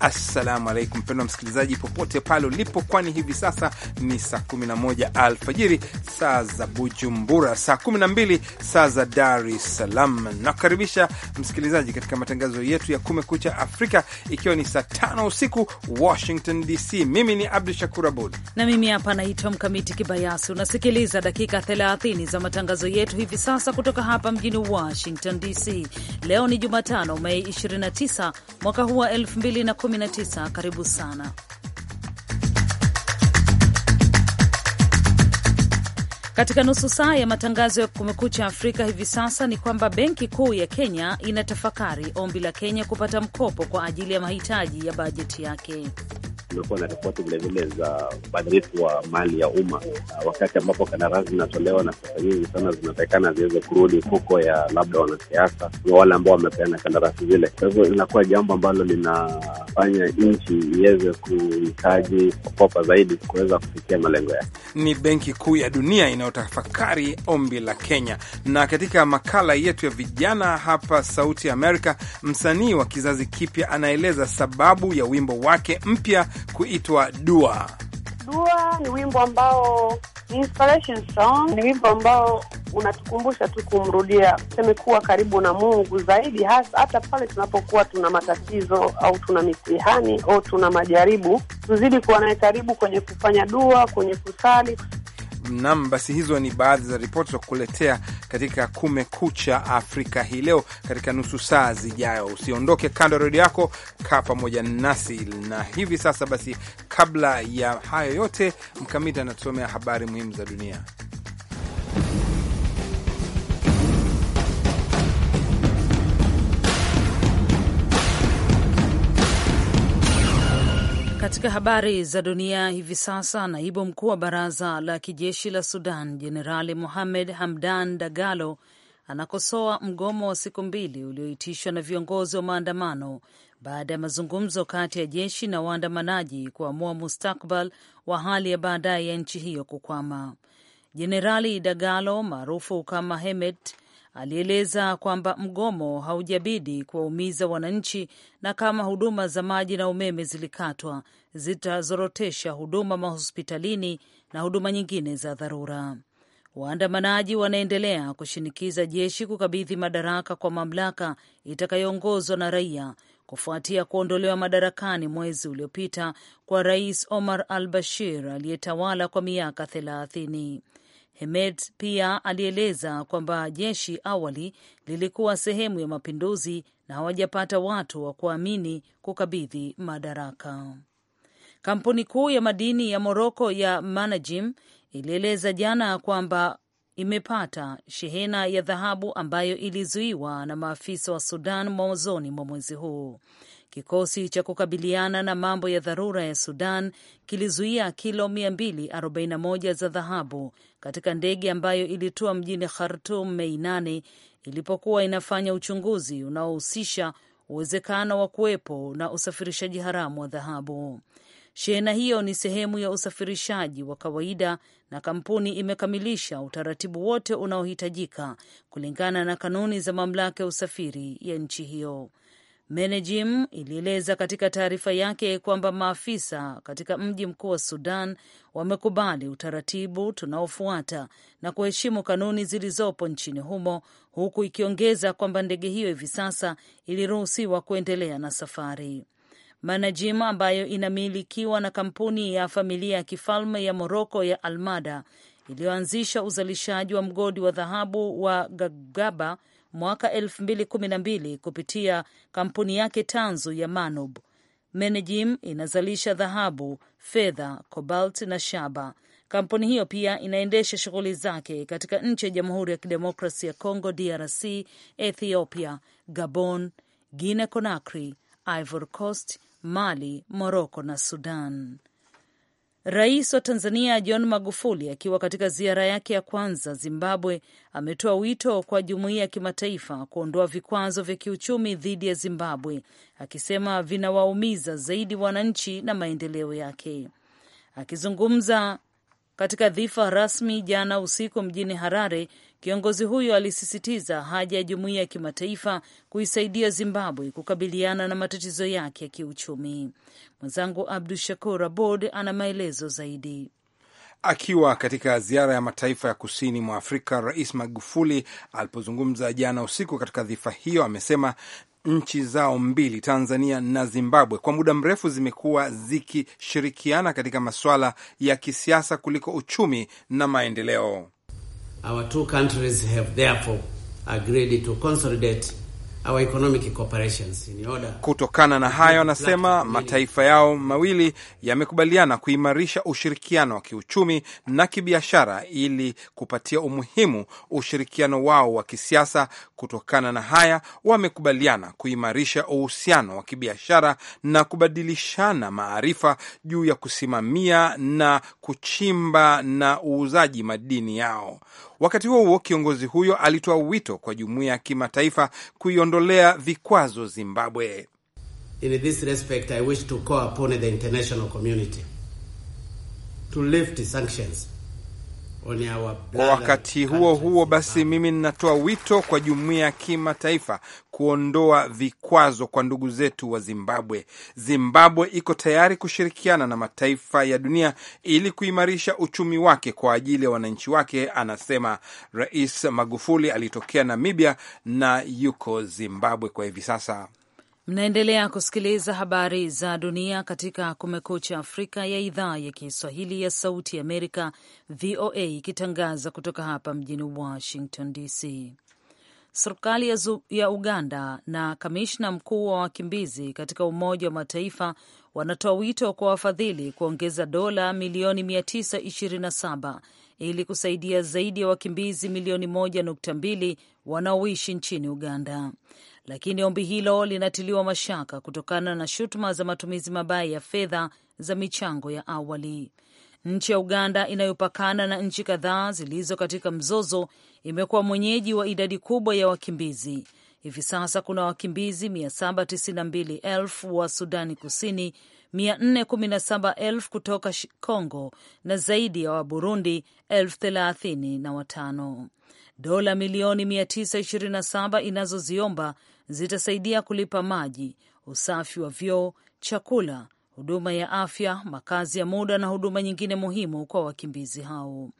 Assalamu alaikum mpendwa msikilizaji, popote pale ulipo, kwani hivi sasa ni saa 11 alfajiri saa za Bujumbura, saa 12 saa za Dar es Salaam. Nakukaribisha msikilizaji katika matangazo yetu ya Kumekucha Afrika, ikiwa ni saa tano usiku Washington DC. Mimi ni Abdu Shakur Abud na mimi hapa naitwa Mkamiti Kibayasi. Unasikiliza dakika 30 za matangazo yetu hivi sasa kutoka hapa mjini Washington DC. Leo ni Jumatano, Mei 29 mwaka huu wa 2 19. Karibu sana. Katika nusu saa ya matangazo ya Kumekucha Afrika hivi sasa ni kwamba Benki Kuu ya Kenya inatafakari ombi la Kenya kupata mkopo kwa ajili ya mahitaji ya bajeti yake kumekuwa na ripoti vilevile za ubadhirifu wa mali ya umma ah, wakati ambapo kandarasi zinatolewa na pesa nyingi sana zinatakikana ziweze kurudi huko ya labda wanasiasa na wale ambao wamepeana kandarasi zile. Kwa hivyo inakuwa jambo ambalo linafanya nchi iweze kuhitaji kopa zaidi kuweza kufikia malengo yake. Ni Benki Kuu ya Dunia inayotafakari ombi la Kenya. Na katika makala yetu ya vijana hapa Sauti Amerika, msanii wa kizazi kipya anaeleza sababu ya wimbo wake mpya kuitwa Dua. Dua ni wimbo ambao ni inspiration song, ni wimbo ambao unatukumbusha tu kumrudia, tuseme kuwa karibu na Mungu zaidi, hasa hata pale tunapokuwa tuna matatizo au tuna mitihani au tuna majaribu, tuzidi kuwa naye karibu kwenye kufanya dua, kwenye kusali Nam, basi hizo ni baadhi za ripoti za kukuletea katika Kumekucha Afrika hii leo katika nusu saa zijayo. Usiondoke kando ya redio yako, kaa pamoja nasi na hivi sasa. Basi kabla ya hayo yote, Mkamiti anatusomea habari muhimu za dunia. Katika habari za dunia hivi sasa, naibu mkuu wa baraza la kijeshi la Sudan Jenerali Mohamed Hamdan Dagalo anakosoa mgomo wa siku mbili ulioitishwa na viongozi wa maandamano baada ya mazungumzo kati ya jeshi na waandamanaji kuamua mustakbal wa hali ya baadaye ya nchi hiyo kukwama. Jenerali Dagalo maarufu kama hemet alieleza kwamba mgomo haujabidi kuwaumiza wananchi, na kama huduma za maji na umeme zilikatwa zitazorotesha huduma mahospitalini na huduma nyingine za dharura. Waandamanaji wanaendelea kushinikiza jeshi kukabidhi madaraka kwa mamlaka itakayoongozwa na raia kufuatia kuondolewa madarakani mwezi uliopita kwa Rais Omar al Bashir aliyetawala kwa miaka thelathini. Hemed pia alieleza kwamba jeshi awali lilikuwa sehemu ya mapinduzi na hawajapata watu wa kuamini kukabidhi madaraka. Kampuni kuu ya madini ya Moroko ya Manajim ilieleza jana kwamba imepata shehena ya dhahabu ambayo ilizuiwa na maafisa wa Sudan mwanzoni mwa mwezi huu. Kikosi cha kukabiliana na mambo ya dharura ya Sudan kilizuia kilo 241 za dhahabu katika ndege ambayo ilitua mjini Khartum Mei nane ilipokuwa inafanya uchunguzi unaohusisha uwezekano wa kuwepo na usafirishaji haramu wa dhahabu. Shehena hiyo ni sehemu ya usafirishaji wa kawaida na kampuni imekamilisha utaratibu wote unaohitajika kulingana na kanuni za mamlaka ya usafiri ya nchi hiyo. Menejim ilieleza katika taarifa yake kwamba maafisa katika mji mkuu wa Sudan wamekubali utaratibu tunaofuata na kuheshimu kanuni zilizopo nchini humo, huku ikiongeza kwamba ndege hiyo hivi sasa iliruhusiwa kuendelea na safari. Manajim ambayo inamilikiwa na kampuni ya familia ya kifalme ya Moroko ya Almada iliyoanzisha uzalishaji wa mgodi wa dhahabu wa Gagaba mwaka 2012 kupitia kampuni yake tanzu ya Manob. Menejim inazalisha dhahabu, fedha, cobalt na shaba. Kampuni hiyo pia inaendesha shughuli zake katika nchi ya Jamhuri ya Kidemokrasi ya congo DRC, Ethiopia, Gabon, Guinea Conakry, Ivory Coast, Mali, Morocco na Sudan. Rais wa Tanzania John Magufuli akiwa katika ziara yake ya kwanza Zimbabwe ametoa wito kwa jumuiya ya kimataifa kuondoa vikwazo vya kiuchumi dhidi ya Zimbabwe, akisema vinawaumiza zaidi wananchi na maendeleo yake. Akizungumza katika dhifa rasmi jana usiku mjini Harare, kiongozi huyo alisisitiza haja ya jumuiya ya kimataifa kuisaidia Zimbabwe kukabiliana na matatizo yake ya kiuchumi. Mwenzangu Abdu Shakur Abod ana maelezo zaidi. Akiwa katika ziara ya mataifa ya kusini mwa Afrika, Rais Magufuli alipozungumza jana usiku katika dhifa hiyo, amesema nchi zao mbili Tanzania na Zimbabwe kwa muda mrefu zimekuwa zikishirikiana katika masuala ya kisiasa kuliko uchumi na maendeleo. Our two countries have therefore agreed to consolidate Our economic cooperations in order. Kutokana na hayo, anasema mataifa yao mawili yamekubaliana kuimarisha ushirikiano wa kiuchumi na kibiashara ili kupatia umuhimu ushirikiano wao wa kisiasa. Kutokana na haya, wamekubaliana kuimarisha uhusiano wa kibiashara na kubadilishana maarifa juu ya kusimamia na kuchimba na uuzaji madini yao. Wakati huo huo, kiongozi huyo alitoa wito kwa jumuiya ya kimataifa kuiondolea vikwazo Zimbabwe. In this respect, I wish to call upon the international community to lift sanctions kwa wakati huo huo basi, mimi ninatoa wito kwa jumuiya ya kimataifa kuondoa vikwazo kwa ndugu zetu wa Zimbabwe. Zimbabwe iko tayari kushirikiana na mataifa ya dunia ili kuimarisha uchumi wake kwa ajili ya wananchi wake, anasema Rais Magufuli. Alitokea Namibia na yuko Zimbabwe kwa hivi sasa. Mnaendelea kusikiliza habari za dunia katika Kumekucha Afrika ya idhaa ya Kiswahili ya Sauti Amerika, VOA, ikitangaza kutoka hapa mjini Washington DC. Serikali ya, ya Uganda na kamishna mkuu wa wakimbizi katika Umoja wa Mataifa wanatoa wito kwa wafadhili kuongeza dola milioni 927 ili kusaidia zaidi ya wakimbizi milioni 1.2 wanaoishi nchini Uganda lakini ombi hilo linatiliwa mashaka kutokana na shutuma za matumizi mabaya ya fedha za michango ya awali. Nchi ya Uganda inayopakana na nchi kadhaa zilizo katika mzozo imekuwa mwenyeji wa idadi kubwa ya wakimbizi. Hivi sasa kuna wakimbizi 792,000 wa Sudani Kusini, 417,000 kutoka Kongo na zaidi ya Waburundi 35,000. Dola milioni 927 inazoziomba zitasaidia kulipa maji, usafi wa vyoo, chakula, huduma ya afya, makazi ya muda na huduma nyingine muhimu kwa wakimbizi hao.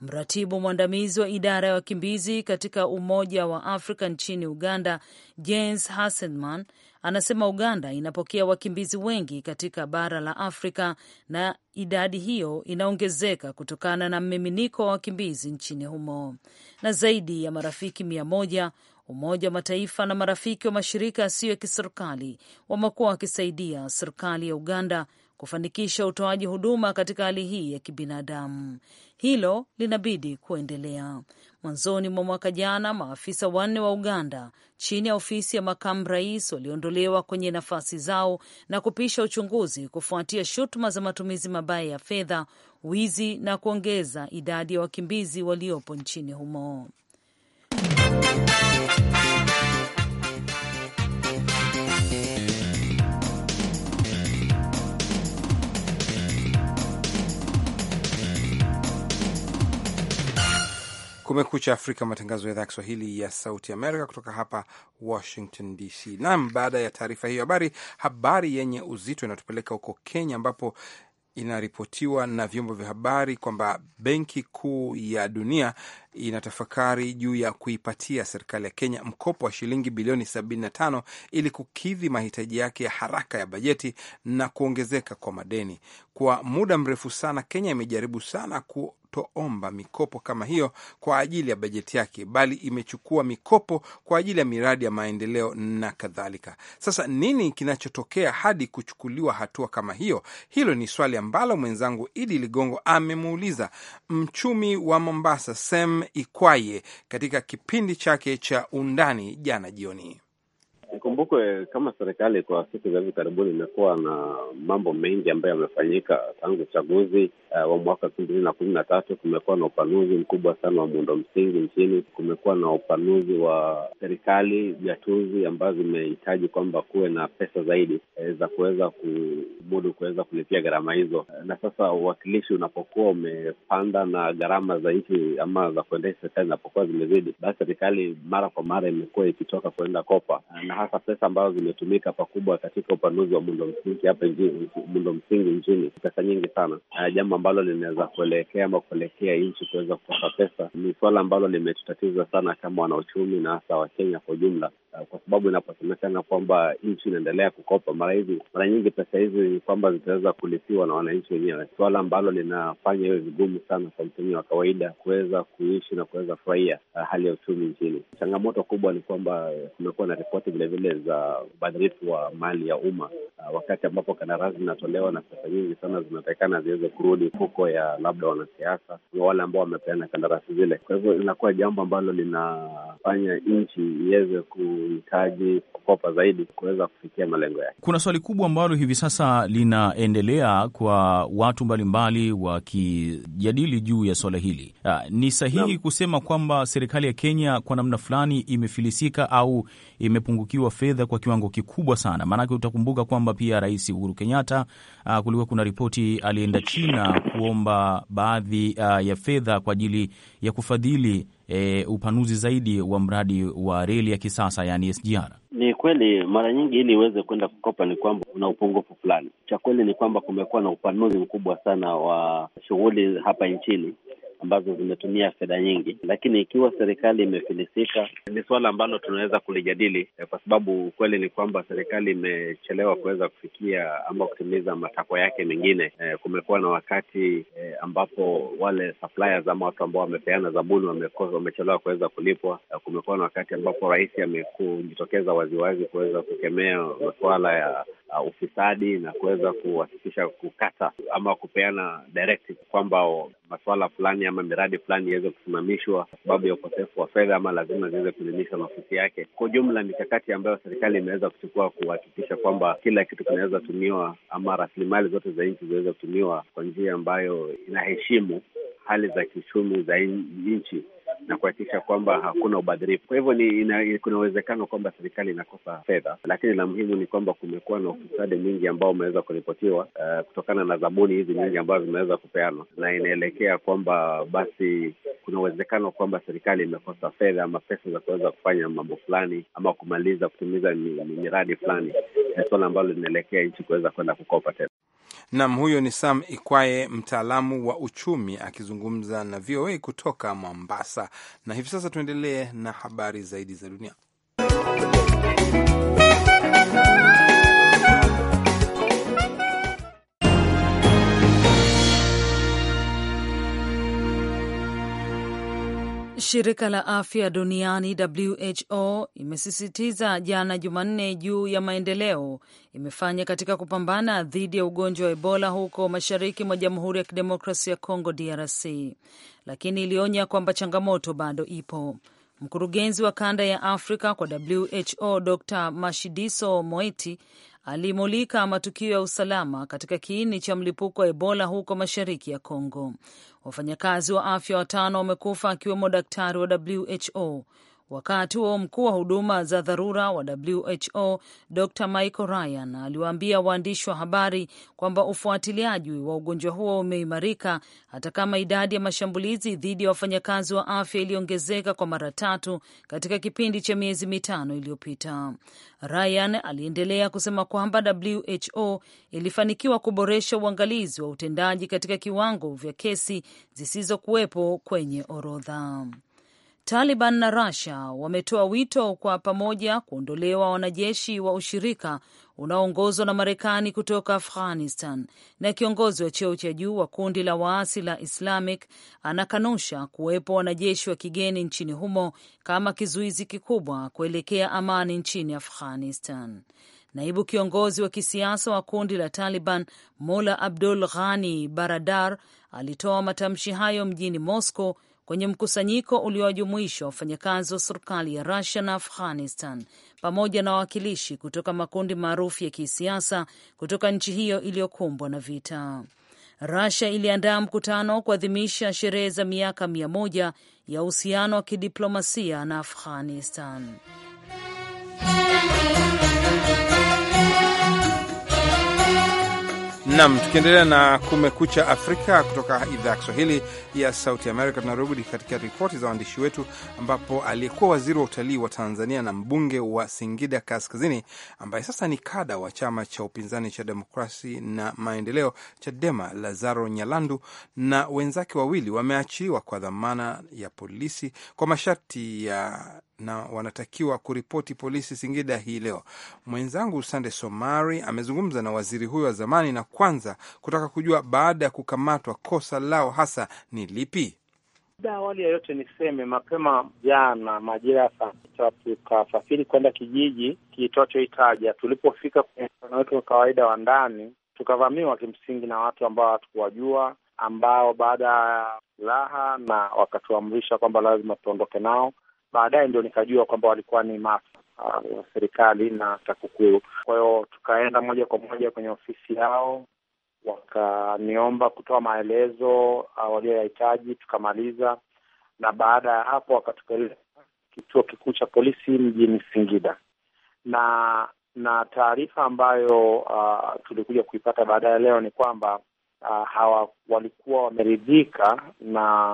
Mratibu mwandamizi wa idara ya wakimbizi katika Umoja wa Afrika nchini Uganda, James Hasselman, anasema Uganda inapokea wakimbizi wengi katika bara la Afrika na idadi hiyo inaongezeka kutokana na mmiminiko wa wakimbizi nchini humo, na zaidi ya marafiki mia moja Umoja wa Mataifa na marafiki wa mashirika yasiyo ya kiserikali wamekuwa wakisaidia serikali ya Uganda kufanikisha utoaji huduma katika hali hii ya kibinadamu. Hilo linabidi kuendelea. Mwanzoni mwa mwaka jana, maafisa wanne wa Uganda chini ya ofisi ya makamu rais waliondolewa kwenye nafasi zao na kupisha uchunguzi kufuatia shutuma za matumizi mabaya ya fedha, wizi na kuongeza idadi ya wakimbizi waliopo nchini humo. Kumekucha Afrika, matangazo ya idhaa ya Kiswahili ya Sauti Amerika kutoka hapa Washington DC. Naam, baada ya taarifa hiyo habari, habari yenye uzito inatupeleka huko Kenya ambapo inaripotiwa na vyombo vya habari kwamba Benki Kuu ya Dunia inatafakari juu ya kuipatia serikali ya Kenya mkopo wa shilingi bilioni 75 ili kukidhi mahitaji yake ya haraka ya bajeti na kuongezeka kwa madeni. Kwa muda mrefu sana Kenya imejaribu sana ku kutoomba mikopo kama hiyo kwa ajili ya bajeti yake, bali imechukua mikopo kwa ajili ya miradi ya maendeleo na kadhalika. Sasa nini kinachotokea hadi kuchukuliwa hatua kama hiyo? Hilo ni swali ambalo mwenzangu Idi Ligongo amemuuliza mchumi wa Mombasa sem Ikwaye katika kipindi chake cha Undani jana jioni. Ikumbukwe kama serikali kwa siku za hivi karibuni imekuwa na mambo mengi ambayo yamefanyika tangu uchaguzi uh, wa mwaka elfu mbili na kumi na tatu. Kumekuwa na upanuzi mkubwa sana wa muundo msingi nchini. Kumekuwa na upanuzi wa serikali jatuzi ambazo zimehitaji kwamba kuwe na pesa zaidi e, za kuweza kumudu kuweza kulipia gharama hizo, eh, na sasa uwakilishi unapokuwa umepanda na gharama za nchi ama za kuendesha serikali zinapokuwa zimezidi, basi serikali mara kwa mara imekuwa ikitoka kuenda kopa na hasa pesa ambazo zimetumika pakubwa katika upanuzi wa muundo msingi hapa muundo msingi nchini, pesa nyingi sana, ah, jambo ambalo linaweza kuelekea ama kuelekea nchi kuweza kukosa pesa. Ni suala ambalo limetutatiza sana kama wanauchumi na hasa Wakenya kwa ujumla, ah, kwa sababu inaposemekana kwamba nchi inaendelea kukopa, mara hizi mara nyingi pesa hizi ni kwamba zitaweza kulipiwa na wananchi wenyewe, suala ambalo linafanya iwe vigumu sana kwa mtumia wa kawaida kuweza kuishi na kuweza kufurahia ah, hali ya uchumi nchini. Changamoto kubwa ni kwamba eh, kumekuwa na ripoti vile vile za ubadhirifu wa mali ya umma uh, wakati ambapo kandarasi zinatolewa na pesa nyingi sana zinatakikana ziweze kurudi fuko ya labda wanasiasa wale ambao wamepeana kandarasi zile. Kwa hivyo inakuwa jambo ambalo linafanya nchi iweze kuhitaji kukopa zaidi kuweza kufikia malengo yake. Kuna swali kubwa ambalo hivi sasa linaendelea kwa watu mbalimbali wakijadili juu ya swala hili. Aa, uh, ni sahihi no. kusema kwamba serikali ya Kenya kwa namna fulani imefilisika au imepungukiwa wa fedha kwa kiwango kikubwa sana. Maanake utakumbuka kwamba pia Rais Uhuru Kenyatta uh, kulikuwa kuna ripoti alienda China kuomba baadhi uh, ya fedha kwa ajili ya kufadhili E, upanuzi zaidi wa mradi wa reli ya kisasa yani SGR. Ni kweli mara nyingi ili iweze kwenda kukopa ni kwamba kuna upungufu fulani. Cha kweli ni kwamba kumekuwa na upanuzi mkubwa sana wa shughuli hapa nchini, ambazo zimetumia fedha nyingi, lakini ikiwa serikali imefilisika, ni suala ambalo tunaweza kulijadili, eh, kwa sababu ukweli ni kwamba serikali imechelewa kuweza kufikia ama kutimiza matakwa yake mengine. E, kumekuwa na wakati e, ambapo wale suppliers ama watu ambao wamepeana zabuni wamechelewa kuweza kulipwa. E, kumekuwa na wakati ambapo rais amekujitokeza waziwazi kuweza kukemea masuala ya uh, ufisadi na kuweza kuhakikisha kukata ama kupeana directive kwamba masuala fulani ama miradi fulani iweze kusimamishwa kwa sababu ya ukosefu wa fedha ama lazima ziweze kulinishwa mafuki yake. Kwa ujumla, mikakati ambayo serikali imeweza kuchukua kuhakikisha kwamba kila kitu kinaweza tumiwa ama rasilimali zote za nchi ziweze kutumiwa kwa njia ambayo inaheshimu hali za kiuchumi za nchi na kuhakikisha kwamba hakuna ubadhirifu. Kwa hivyo ni kuna uwezekano kwamba serikali inakosa fedha, lakini la muhimu ni kwamba kumekuwa na ufisadi mwingi ambao umeweza kuripotiwa uh, kutokana na zabuni hizi nyingi ambazo zimeweza kupeanwa, na inaelekea kwamba basi kuna uwezekano kwamba serikali imekosa fedha ama pesa za kuweza kufanya mambo fulani ama kumaliza kutimiza miradi fulani, ni suala ambalo linaelekea nchi kuweza kwenda kukopa tena. Nam, huyo ni Sam Ikwaye, mtaalamu wa uchumi akizungumza na VOA kutoka Mombasa. Na hivi sasa tuendelee na habari zaidi za dunia. Shirika la afya duniani WHO imesisitiza jana Jumanne juu ya maendeleo imefanya katika kupambana dhidi ya ugonjwa wa Ebola huko mashariki mwa Jamhuri ya Kidemokrasia ya Kongo DRC, lakini ilionya kwamba changamoto bado ipo. Mkurugenzi wa kanda ya Afrika kwa WHO Dr Mashidiso Moeti alimulika matukio ya usalama katika kiini cha mlipuko wa Ebola huko mashariki ya congo Wafanyakazi wa afya watano wamekufa akiwemo daktari wa WHO Wakati huo mkuu wa huduma za dharura wa WHO Dr Michael Ryan aliwaambia waandishi wa habari kwamba ufuatiliaji wa ugonjwa huo umeimarika hata kama idadi ya mashambulizi dhidi ya wafanyakazi wa afya iliongezeka kwa mara tatu katika kipindi cha miezi mitano iliyopita. Ryan aliendelea kusema kwamba WHO ilifanikiwa kuboresha uangalizi wa utendaji katika kiwango vya kesi zisizokuwepo kwenye orodha. Taliban na Russia wametoa wito kwa pamoja kuondolewa wanajeshi wa ushirika unaoongozwa na Marekani kutoka Afghanistan, na kiongozi wa cheo cha juu wa kundi la waasi la Islamic anakanusha kuwepo wanajeshi wa kigeni nchini humo kama kizuizi kikubwa kuelekea amani nchini Afghanistan. Naibu kiongozi wa kisiasa wa kundi la Taliban Mula Abdul Ghani Baradar alitoa matamshi hayo mjini Moscow kwenye mkusanyiko uliowajumuisha wafanyakazi wa serikali ya Rusia na Afghanistan pamoja na wawakilishi kutoka makundi maarufu ya kisiasa kutoka nchi hiyo iliyokumbwa na vita. Rusia iliandaa mkutano kuadhimisha sherehe za miaka mia moja ya uhusiano wa kidiplomasia na Afghanistan. Nam, tukiendelea na Kumekucha Afrika kutoka idhaa ya Kiswahili ya Sauti Amerika, tunarudi katika ripoti za waandishi wetu, ambapo aliyekuwa waziri wa utalii wa Tanzania na mbunge wa Singida Kaskazini, ambaye sasa ni kada wa chama cha upinzani cha Demokrasi na Maendeleo CHADEMA, Lazaro Nyalandu na wenzake wawili wameachiliwa kwa dhamana ya polisi kwa masharti ya na wanatakiwa kuripoti polisi Singida hii leo. Mwenzangu Sande Somari amezungumza na waziri huyo wa zamani na kwanza kutaka kujua baada ya kukamatwa kosa lao hasa ni lipi. da Awali ya yote niseme, mapema jana majira ya saa sita tukasafiri kwenda kijiji kiitwacho Itaja. Tulipofika kwenye mkutano wetu wa kawaida wa ndani, tukavamiwa kimsingi na watu ambao hatukuwajua, ambao baada ya silaha na wakatuamrisha kwamba lazima tuondoke nao baadaye ndio nikajua kwamba walikuwa ni maafisa wa serikali na TAKUKURU. Kwa hiyo tukaenda moja kwa moja kwenye ofisi yao, wakaniomba kutoa maelezo ah, walioyahitaji, tukamaliza, na baada ya hapo wakatupeleka kituo kikuu cha polisi mjini Singida na na taarifa ambayo uh, tulikuja kuipata baadaye leo ni kwamba uh, hawa walikuwa wameridhika na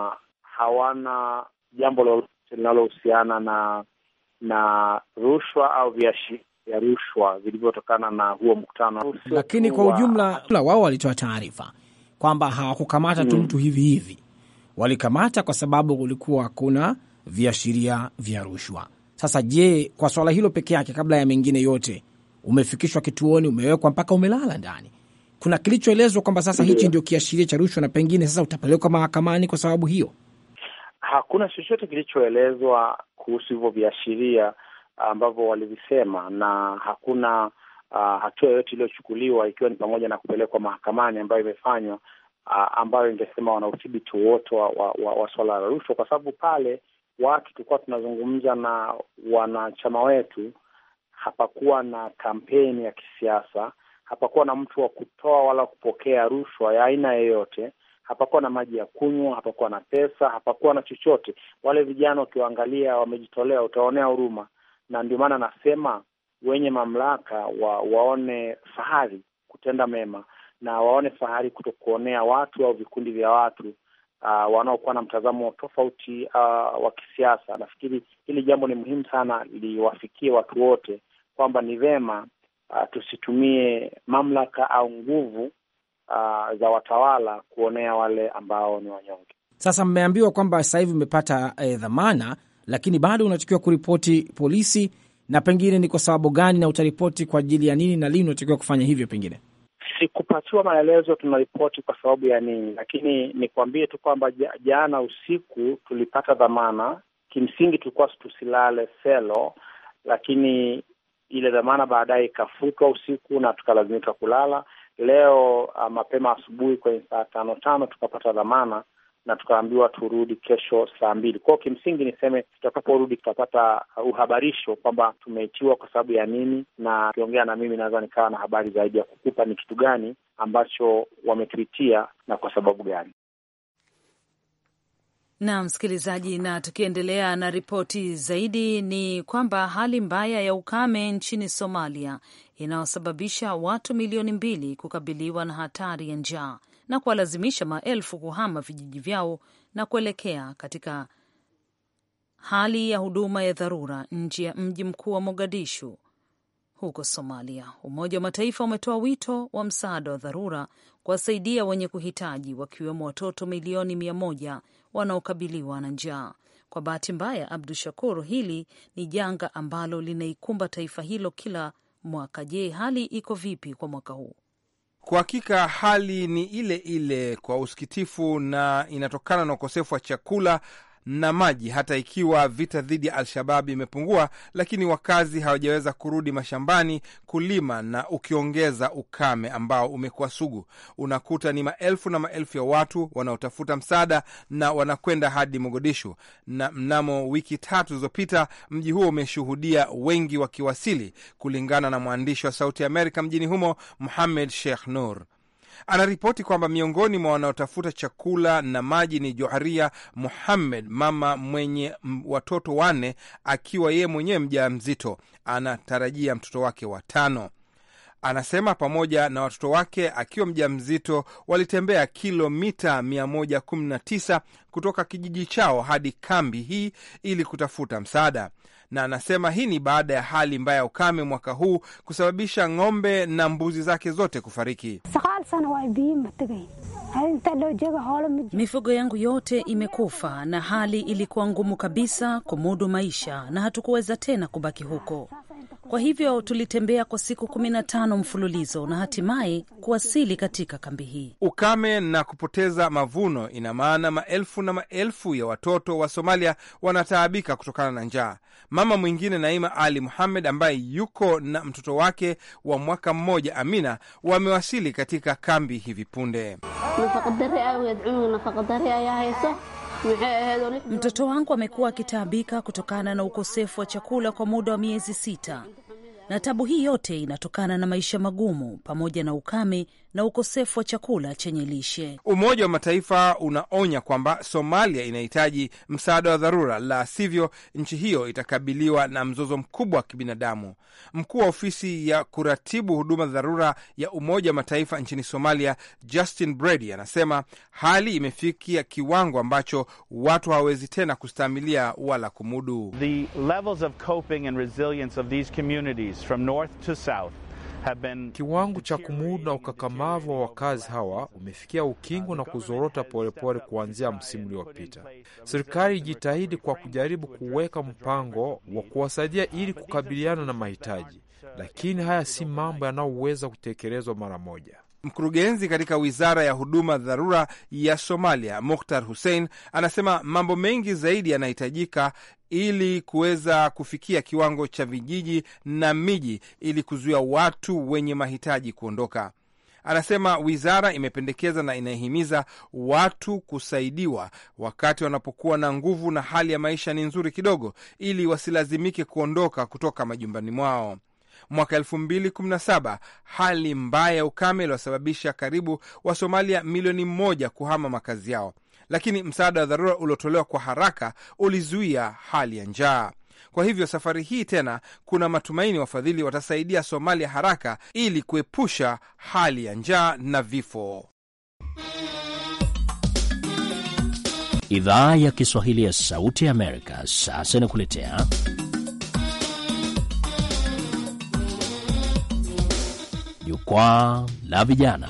hawana jambo lolote linalohusiana na na rushwa au viashiria vya rushwa vilivyotokana na huo mkutano. Lakini kwa ujumla wao walitoa taarifa kwamba hawakukamata mm. tu mtu hivi hivi, walikamata kwa sababu kulikuwa kuna viashiria vya rushwa. Sasa je, kwa swala hilo peke yake, kabla ya mengine yote, umefikishwa kituoni, umewekwa mpaka umelala ndani, kuna kilichoelezwa kwamba sasa hichi ndio kiashiria cha rushwa na pengine sasa utapelekwa mahakamani kwa sababu hiyo? hakuna chochote kilichoelezwa kuhusu hivyo viashiria ambavyo walivisema na hakuna uh, hatua yoyote iliyochukuliwa ikiwa ni pamoja na kupelekwa mahakamani ambayo imefanywa, uh, ambayo ingesema wana uthibiti wote wa, wa, wa, wa swala la rushwa, kwa sababu pale watu tulikuwa tunazungumza na wanachama wetu. Hapakuwa na kampeni ya kisiasa, hapakuwa na mtu wa kutoa wala kupokea rushwa ya aina yeyote hapakuwa na maji ya kunywa, hapakuwa na pesa, hapakuwa na chochote. Wale vijana ukiwaangalia wamejitolea, utaonea huruma, na ndio maana nasema wenye mamlaka wa, waone fahari kutenda mema na waone fahari kutokuonea watu au vikundi vya watu uh, wanaokuwa na mtazamo tofauti uh, wa kisiasa. Nafikiri hili jambo ni muhimu sana liwafikie watu wote kwamba ni vema uh, tusitumie mamlaka au nguvu uh, za watawala kuonea wale ambao ni wanyonge. Sasa mmeambiwa kwamba sasa hivi mmepata eh, dhamana, lakini bado unatakiwa kuripoti polisi, na pengine ni kwa sababu gani na utaripoti kwa ajili ya nini na lini unatakiwa kufanya hivyo? Pengine sikupatiwa maelezo tunaripoti kwa sababu ya nini, lakini nikuambie tu kwamba jana usiku tulipata dhamana. Kimsingi tulikuwa tusilale selo, lakini ile dhamana baadaye ikafutwa usiku na tukalazimika kulala, leo ah, mapema asubuhi kwenye saa tano tano tukapata dhamana na tukaambiwa turudi kesho saa mbili. Kwao kimsingi niseme tutakaporudi tutapata ah, uhabarisho kwamba tumeitiwa kwa sababu ya nini, na ukiongea na mimi naweza nikawa na habari zaidi ya kukupa ni kitu gani ambacho wametuitia na kwa sababu gani. Na msikilizaji, na tukiendelea na ripoti zaidi, ni kwamba hali mbaya ya ukame nchini Somalia inayosababisha watu milioni mbili kukabiliwa na hatari ya njaa na kuwalazimisha maelfu kuhama vijiji vyao na kuelekea katika hali ya huduma ya dharura nje ya mji mkuu wa Mogadishu huko Somalia. Umoja wa Mataifa umetoa wito wa msaada wa dharura kuwasaidia wenye kuhitaji, wakiwemo watoto milioni mia moja wanaokabiliwa na njaa. Kwa bahati mbaya, Abdu Shakur, hili ni janga ambalo linaikumba taifa hilo kila mwaka. Je, hali iko vipi kwa mwaka huu? Kwa hakika hali ni ile ile, kwa usikitifu, na inatokana na ukosefu wa chakula, na maji. Hata ikiwa vita dhidi ya al shabab imepungua, lakini wakazi hawajaweza kurudi mashambani kulima, na ukiongeza ukame ambao umekuwa sugu, unakuta ni maelfu na maelfu ya watu wanaotafuta msaada na wanakwenda hadi Mogadishu. Na mnamo wiki tatu zilizopita, mji huo umeshuhudia wengi wakiwasili, kulingana na mwandishi wa Sauti ya Amerika mjini humo, Muhamed Sheikh Nur. Anaripoti kwamba miongoni mwa wanaotafuta chakula na maji ni Joharia Muhammed, mama mwenye watoto wanne, akiwa yeye mwenyewe mja mzito. Anatarajia mtoto wake watano. Anasema pamoja na watoto wake akiwa mja mzito walitembea kilomita 119 kutoka kijiji chao hadi kambi hii ili kutafuta msaada na anasema hii ni baada ya hali mbaya ya ukame mwaka huu kusababisha ng'ombe na mbuzi zake zote kufariki. Mifugo yangu yote imekufa na hali ilikuwa ngumu kabisa kumudu maisha, na hatukuweza tena kubaki huko. Kwa hivyo tulitembea kwa siku 15 mfululizo na hatimaye kuwasili katika kambi hii. Ukame na kupoteza mavuno ina maana maelfu na maelfu ya watoto wa Somalia wanataabika kutokana na njaa. Mama mwingine Naima Ali Muhamed ambaye yuko na mtoto wake wa mwaka mmoja Amina wamewasili katika kambi hivi punde. Mtoto wangu amekuwa akitaabika kutokana na ukosefu wa chakula kwa muda wa miezi sita, na tabu hii yote inatokana na maisha magumu pamoja na ukame na ukosefu wa chakula chenye lishe. Umoja wa Mataifa unaonya kwamba Somalia inahitaji msaada wa dharura, la sivyo nchi hiyo itakabiliwa na mzozo mkubwa wa kibinadamu. Mkuu wa ofisi ya kuratibu huduma za dharura ya Umoja wa Mataifa nchini Somalia, Justin Brady, anasema hali imefikia kiwango ambacho watu hawawezi tena kustamilia wala kumudu The Kiwango cha kumudu na ukakamavu wa wakazi hawa umefikia ukingo na kuzorota polepole kuanzia msimu uliopita. Serikali ijitahidi kwa kujaribu kuweka mpango wa kuwasaidia ili kukabiliana na mahitaji, lakini haya si mambo yanayoweza kutekelezwa mara moja. Mkurugenzi katika wizara ya huduma dharura ya Somalia, Mukhtar Hussein, anasema mambo mengi zaidi yanahitajika ili kuweza kufikia kiwango cha vijiji na miji ili kuzuia watu wenye mahitaji kuondoka. Anasema wizara imependekeza na inahimiza watu kusaidiwa wakati wanapokuwa na nguvu na hali ya maisha ni nzuri kidogo, ili wasilazimike kuondoka kutoka majumbani mwao mwaka 2017 hali mbaya ya ukame iliwasababisha karibu wa somalia milioni moja kuhama makazi yao, lakini msaada wa dharura uliotolewa kwa haraka ulizuia hali ya njaa. Kwa hivyo safari hii tena kuna matumaini wafadhili watasaidia Somalia haraka ili kuepusha hali ya njaa na vifo. Idhaa ya Kiswahili ya Sauti ya Amerika sasa inakuletea Jukwaa la Vijana.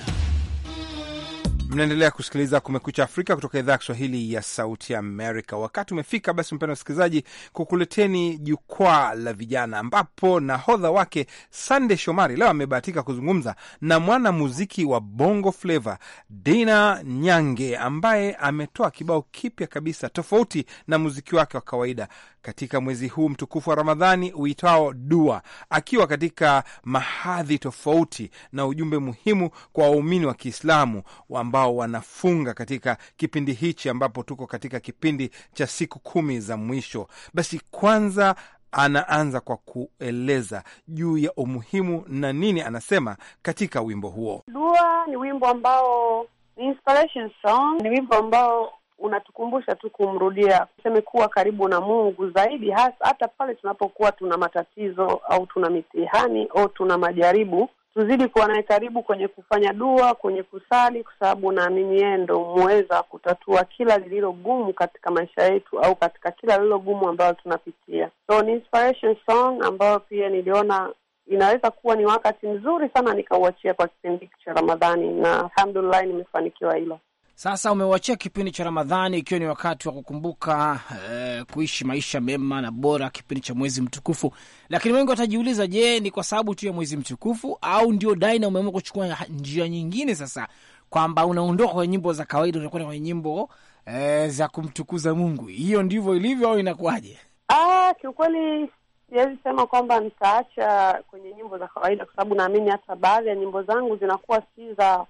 Mnaendelea kusikiliza Kumekucha Afrika kutoka idhaa ya Kiswahili ya Sauti Amerika. Wakati umefika basi, mpendwa msikilizaji, kukuleteni Jukwaa la Vijana, ambapo nahodha wake Sande Shomari leo amebahatika kuzungumza na mwana muziki wa Bongo Flava Dina Nyange ambaye ametoa kibao kipya kabisa tofauti na muziki wake wa kawaida katika mwezi huu mtukufu wa Ramadhani uitwao dua, akiwa katika mahadhi tofauti na ujumbe muhimu kwa waumini wa Kiislamu ambao wanafunga katika kipindi hichi ambapo tuko katika kipindi cha siku kumi za mwisho. Basi kwanza anaanza kwa kueleza juu ya umuhimu na nini anasema katika wimbo huo. Dua ni wimbo ambao ni inspiration song, ni wimbo ambao unatukumbusha tu kumrudia, tuseme kuwa karibu na Mungu zaidi, hasa hata pale tunapokuwa tuna matatizo au tuna mitihani au tuna majaribu, tuzidi kuwa naye karibu kwenye kufanya dua, kwenye kusali, kwa sababu naamini yeye ndo muweza kutatua kila lililo gumu katika maisha yetu au katika kila lililo gumu ambalo tunapitia. So ni inspiration song ambayo pia niliona inaweza kuwa ni wakati mzuri sana nikauachia kwa kipindi cha Ramadhani, na alhamdulillah nimefanikiwa hilo. Sasa umewachia kipindi cha Ramadhani ikiwa ni wakati wa kukumbuka eh, kuishi maisha mema na bora, kipindi cha mwezi mtukufu. Lakini wengi watajiuliza, je, ni kwa sababu tu ya mwezi mtukufu au ndio dai umeamua kuchukua njia nyingine sasa, kwamba unaondoka kwenye nyimbo za kawaida unakwenda kwenye nyimbo eh, za kumtukuza Mungu? Hiyo ndivyo ilivyo au inakuwaje? Ah, kiukweli siwezi sema kwamba nitaacha kwenye nyimbo za kawaida, kwa sababu naamini hata baadhi ya nyimbo zangu zinakuwa si za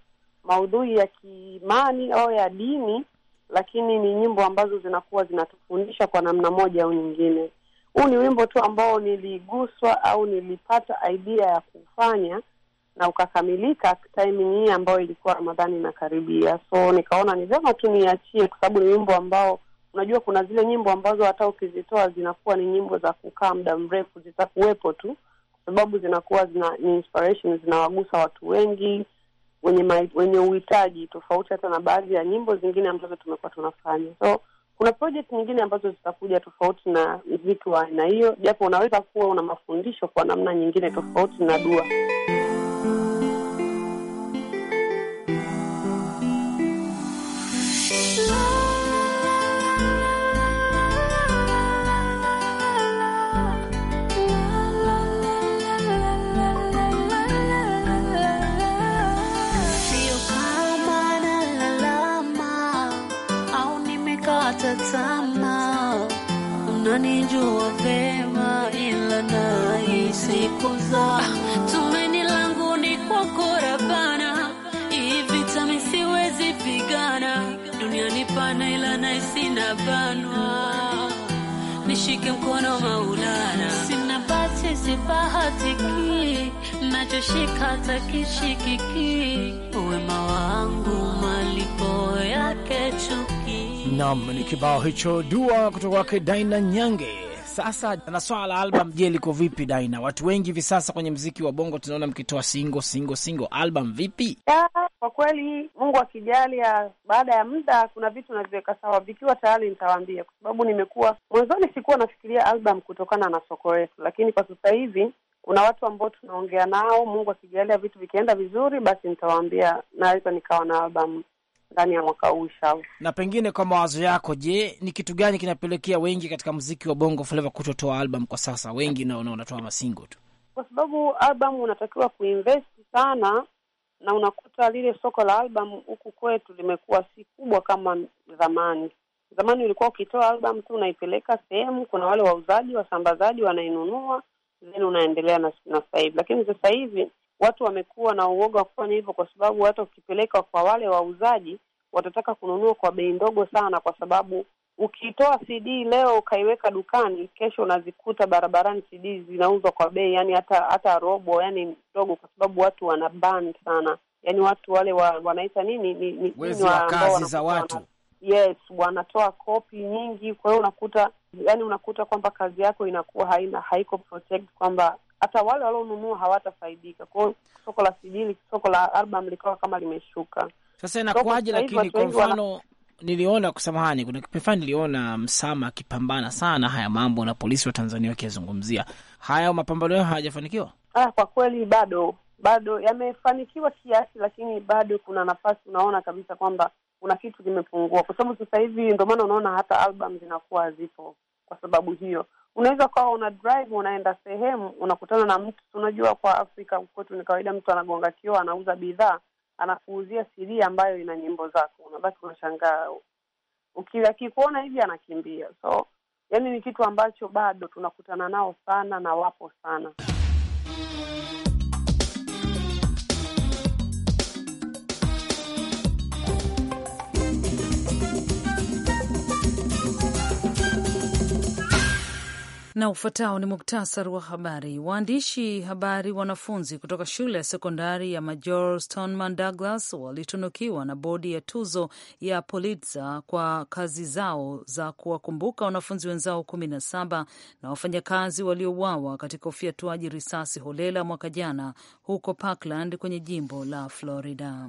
maudhui ya kiimani au ya dini, lakini ni nyimbo ambazo zinakuwa zinatufundisha kwa namna moja au nyingine. Huu ni wimbo tu ambao niliguswa au nilipata idea ya kufanya na ukakamilika timing hii ambayo ilikuwa Ramadhani inakaribia, so nikaona ni vyema tu niachie, kwa sababu ni wimbo ambao unajua, kuna zile nyimbo ambazo hata ukizitoa zinakuwa ni nyimbo za kukaa muda mrefu, zitakuwepo tu, kwa sababu zinakuwa zina ni inspiration, zinawagusa watu wengi wenye ma, wenye uhitaji tofauti hata na baadhi ya nyimbo zingine ambazo tumekuwa tunafanya. So kuna project nyingine ambazo zitakuja tofauti na mziki wa aina hiyo, japo unaweza kuwa una mafundisho kwa namna nyingine tofauti na dua. kukuza. Tumaini langu ni kwako Rabana, hii vita mimi siwezi pigana. Duniani pana ila naisi banwa, nishike mkono Maulana. Sina bati sibahatiki, nachoshika takishikiki, wema wangu malipo yake chuki. Nam ni kibao hicho dua kutoka kwake Daina Nyange. Sasa na swala la album, je, liko vipi Daina? Watu wengi hivi sasa kwenye mziki wa bongo tunaona mkitoa singo singo singo, album vipi? kwa kweli Mungu akijalia, baada ya muda kuna vitu naviweka sawa, vikiwa tayari nitawaambia, kwa sababu nimekuwa mwanzoni sikuwa nafikiria album kutokana na soko letu, lakini kwa sasa hivi kuna watu ambao tunaongea nao, Mungu akijalia vitu vikienda vizuri, basi nitawaambia, naweza nikawa na albamu ndani ya mwaka huu sawa. Na pengine kwa mawazo yako, je, ni kitu gani kinapelekea wengi katika mziki wa bongo flava kutotoa album kwa sasa? Wengi nao wanatoa masingo tu, kwa sababu album unatakiwa kuinvest sana, na unakuta lile soko la album huku kwetu limekuwa si kubwa kama zamani. Zamani ulikuwa ukitoa album tu unaipeleka sehemu, kuna wale wauzaji, wasambazaji wanainunua, then unaendelea na, na sasa hivi. Lakini sasa hivi watu wamekuwa na uoga wa kufanya hivyo, kwa sababu hata ukipeleka kwa wale wauzaji watataka kununua kwa bei ndogo sana, kwa sababu ukitoa CD leo ukaiweka dukani, kesho unazikuta barabarani CD zinauzwa kwa bei yani hata hata robo yani ndogo, kwa sababu watu wana band sana, yani watu wale wa, wanaita nini ni, ni, wezi wa kazi za watu Yes, wanatoa kopi nyingi, kwa hiyo unakuta yani unakuta kwamba kazi yako inakuwa haina haiko protect kwamba hata wale walionunua hawatafaidika. Kwa hiyo soko la CD, soko la album likawa kama limeshuka. Sasa inakuwaje? Lakini kwa mfano niliona kusamahani, kuna kipindi niliona Msama akipambana sana haya mambo na polisi wa Tanzania wakiyazungumzia haya mapambano yao, hayajafanikiwa. Ah, kwa kweli bado bado yamefanikiwa kiasi, lakini bado kuna nafasi. Unaona kabisa kwamba kuna kitu kimepungua, kwa sababu sasa hivi ndio maana unaona hata album zinakuwa hazipo. Kwa sababu hiyo, unaweza ukawa una drive, unaenda sehemu, unakutana na mtu. Unajua, kwa Afrika kwetu ni kawaida mtu anagonga kioo, anauza bidhaa anakuuzia CD ambayo ina nyimbo zako, unabaki unashangaa. Akikuona hivi anakimbia. So yani ni kitu ambacho bado tunakutana nao sana na wapo sana Na ufuatao ni muktasar wa habari. Waandishi habari wanafunzi kutoka shule ya sekondari ya Major Stoneman Douglas walitunukiwa na bodi ya tuzo ya Pulitzer kwa kazi zao za kuwakumbuka wanafunzi wenzao kumi na saba na wafanyakazi waliouawa katika ufiatuaji risasi holela mwaka jana huko Parkland kwenye jimbo la Florida.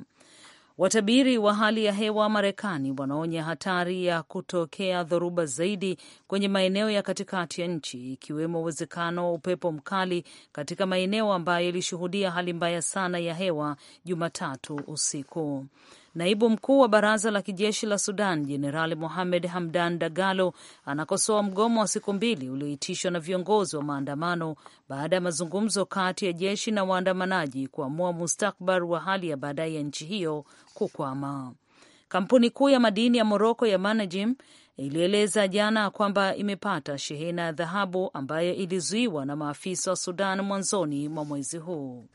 Watabiri wa hali ya hewa Marekani wanaonya hatari ya kutokea dhoruba zaidi kwenye maeneo ya katikati ya nchi, ikiwemo uwezekano wa upepo mkali katika maeneo ambayo ilishuhudia hali mbaya sana ya hewa Jumatatu usiku. Naibu mkuu wa baraza la kijeshi la Sudan Jenerali Mohamed Hamdan Dagalo anakosoa mgomo wa siku mbili ulioitishwa na viongozi wa maandamano baada ya mazungumzo kati ya jeshi na waandamanaji kuamua mustakbar wa hali ya baadaye ya nchi hiyo kukwama. Kampuni kuu ya madini ya Moroko ya Managem ilieleza jana kwamba imepata shehena ya dhahabu ambayo ilizuiwa na maafisa wa Sudan mwanzoni mwa mwezi huu.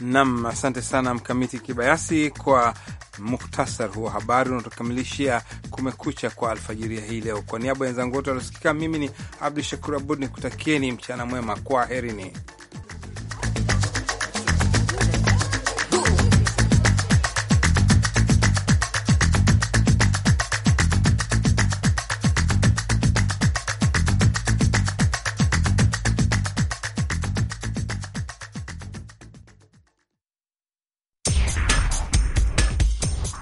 Nam, asante sana Mkamiti Kibayasi kwa muktasar huwa habari unatukamilishia Kumekucha kwa alfajiria hii leo. Kwa niaba ya wenzangu wote waliosikika, mimi ni Abdu Shakur Abud nikutakieni mchana mwema, kwa herini